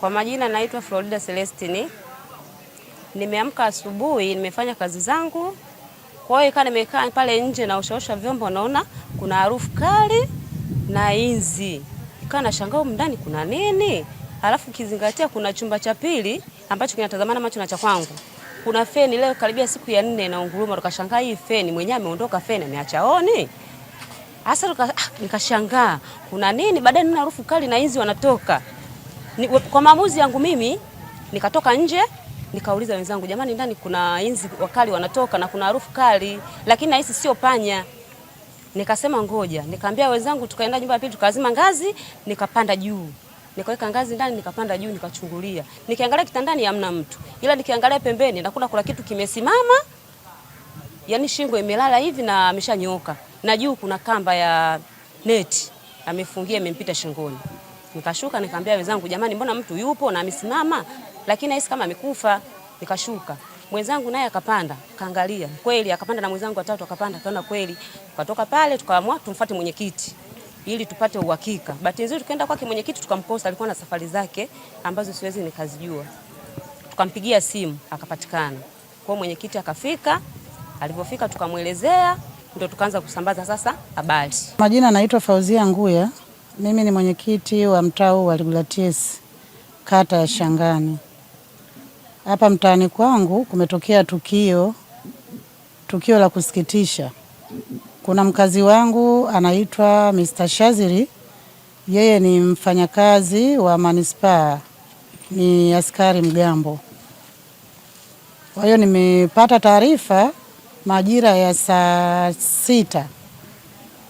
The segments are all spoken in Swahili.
Kwa majina naitwa Florida Celestine. Nimeamka asubuhi, nimefanya kazi zangu, kwa hiyo kaa nimekaa pale nje na ushaosha vyombo, naona kuna harufu kali na inzi, kaa nashangaa huko ndani kuna nini? Alafu kizingatia kuna chumba cha pili ambacho kinatazamana macho na cha kwangu, kuna feni leo karibia siku ya nne na unguruma, tukashangaa hii feni mwenyewe ameondoka, feni ameachaoni hasa, ah, nikashangaa kuna nini? Baadaye nina harufu kali na inzi wanatoka ni, kwa maamuzi yangu mimi nikatoka nje nikauliza wenzangu, jamani, ndani kuna inzi wakali wanatoka na kuna harufu kali, lakini nahisi sio panya. Nikasema ngoja, nikaambia wenzangu, tukaenda nyumba ya pili, tukazima ngazi, nikapanda juu, nikaweka ngazi ndani, nikapanda juu, nikachungulia, nikiangalia kitandani hamna mtu, ila nikiangalia pembeni nakuna kuna kitu kimesimama, yani shingo imelala hivi na ameshanyooka, na juu kuna kamba ya neti amefungia, imempita shingoni. Nikashuka nikamwambia wenzangu, jamani, mbona mtu yupo na amesimama, lakini hisi kama amekufa. Nikashuka mwenzangu naye akapanda, kaangalia kweli, akapanda na mwenzangu watatu akapanda, kaona kweli. Tukatoka pale tukaamua tumfuate mwenyekiti ili tupate uhakika. Bahati nzuri tukaenda kwake mwenyekiti tukamposta, alikuwa na safari zake ambazo siwezi nikazijua. Tukampigia simu akapatikana. Kwa mwenyekiti akafika, alipofika tukamwelezea, ndio tukaanza kusambaza sasa habari. Majina naitwa Fauzia Nguya, mimi ni mwenyekiti wa mtaa wa Ligulatis kata ya Shangani. Hapa mtaani kwangu kumetokea tukio tukio la kusikitisha. Kuna mkazi wangu anaitwa Mr. Shaziri, yeye ni mfanyakazi wa manispaa, ni askari mgambo. Kwa hiyo nimepata taarifa majira ya saa sita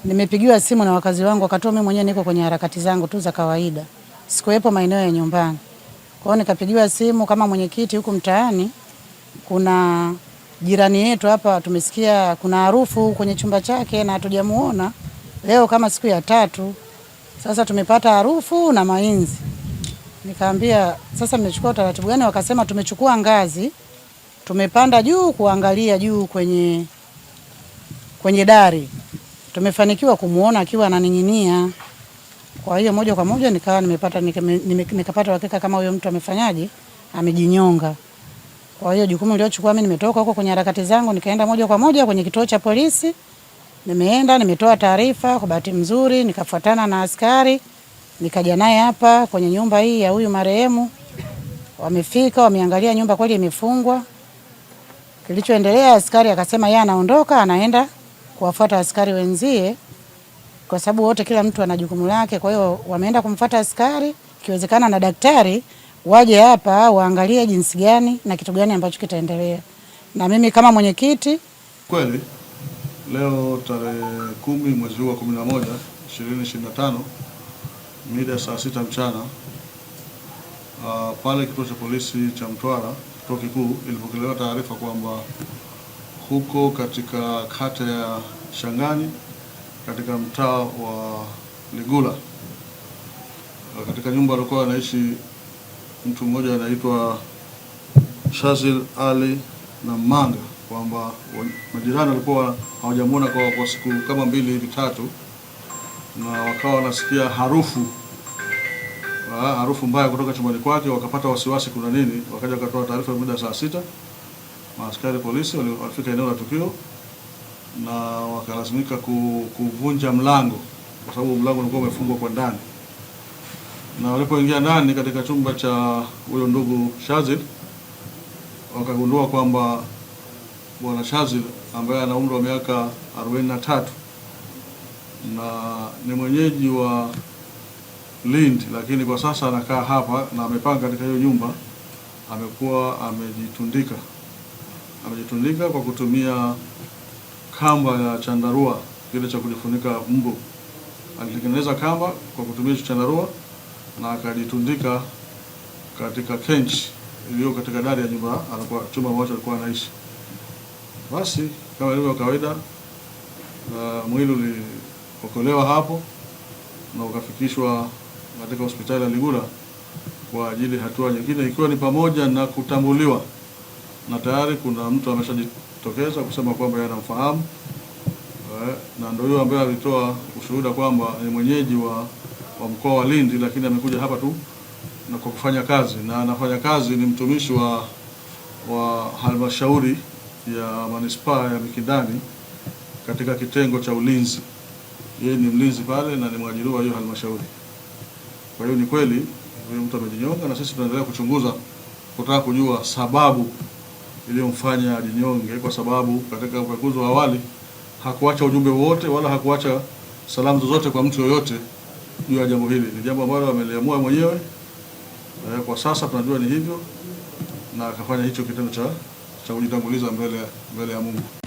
Nimepigiwa simu na wakazi wangu wakatoa, mimi mwenyewe niko kwenye harakati zangu tu za kawaida, sikuwepo maeneo ya nyumbani. Kwa hiyo nikapigiwa simu kama mwenyekiti huku mtaani, kuna jirani yetu hapa tumesikia kuna harufu kwenye chumba chake na hatujamuona leo kama siku ya tatu sasa, tumepata harufu na mainzi. Nikaambia sasa, mmechukua utaratibu gani? Wakasema tumechukua ngazi, tumepanda juu kuangalia juu kwenye, kwenye dari tumefanikiwa kumuona akiwa ananing'inia. Kwa hiyo moja kwa moja nikawa nimepata nikapata uhakika kama huyo mtu amefanyaje, amejinyonga. Kwa hiyo jukumu niliochukua mimi, nimetoka huko kwenye harakati zangu, nikaenda moja kwa moja kwenye kituo cha polisi, nimeenda nimetoa taarifa. Kwa bahati mzuri nikafuatana na askari, nikaja naye hapa kwenye nyumba hii ya huyu marehemu. Wamefika wameangalia nyumba, kweli imefungwa. Kilichoendelea, askari akasema yeye anaondoka, anaenda kuwafuata askari wenzie, kwa sababu wote, kila mtu ana jukumu lake. Kwa hiyo wameenda kumfuata askari, ikiwezekana na daktari waje hapa waangalie jinsi gani na kitu gani ambacho kitaendelea. Na mimi kama mwenyekiti kweli, leo tarehe kumi mwezi huu wa 11 2025 mida saa sita mchana uh, pale kituo cha polisi cha Mtwara, kituo kikuu ilipokelewa taarifa kwamba huko katika kata ya Shangani katika mtaa wa Ligula katika nyumba alikuwa anaishi mtu mmoja anaitwa Shazil Ali na Manga, kwamba majirani walikuwa hawajamuona kwa, kwa siku kama mbili hivi tatu, na wakawa wanasikia harufu ah, harufu mbaya kutoka chumbani kwake, wakapata wasiwasi kuna nini, wakaja wakatoa taarifa muda saa sita maaskari polisi walifika eneo la tukio na wakalazimika kuvunja mlango, kwa sababu mlango ulikuwa umefungwa kwa ndani, na walipoingia ndani katika chumba cha huyo ndugu Shazil wakagundua kwamba bwana Shazil ambaye ana umri wa miaka arobaini na tatu na ni mwenyeji wa Lindi, lakini kwa sasa anakaa hapa na amepanga katika hiyo nyumba, amekuwa amejitundika amejitundika kwa kutumia kamba ya chandarua kile cha kujifunika mbu. Alitengeneza kamba kwa kutumia chandarua na akajitundika katika kench iliyo katika dari ya nyumba alikuwa chumba ambacho alikuwa anaishi. Basi kama ilivyo kawaida, uh, mwili uliokolewa hapo na ukafikishwa katika hospitali ya Ligula kwa ajili hatua nyingine, ikiwa ni pamoja na kutambuliwa na tayari kuna mtu ameshajitokeza kusema kwamba anamfahamu eh, na ndio huyo ambaye alitoa ushuhuda kwamba ni mwenyeji wa, wa mkoa wa Lindi, lakini amekuja hapa tu na kwa kufanya kazi na anafanya kazi, ni mtumishi wa, wa halmashauri ya manispaa ya Mikindani katika kitengo cha ulinzi. Yeye ni mlinzi pale na ni mwajiriwa hiyo halmashauri. Kwa hiyo ni kweli huyo mtu amejinyonga, na sisi tunaendelea kuchunguza kutaka kujua sababu iliyomfanya alinyonge, kwa sababu katika ukaguzi wa awali hakuacha ujumbe wowote wala hakuacha salamu zozote kwa mtu yoyote juu ya jambo hili. Ni jambo ambalo ameliamua mwenyewe, eh, kwa sasa tunajua ni hivyo, na akafanya hicho kitendo cha cha kujitanguliza mbele mbele ya Mungu.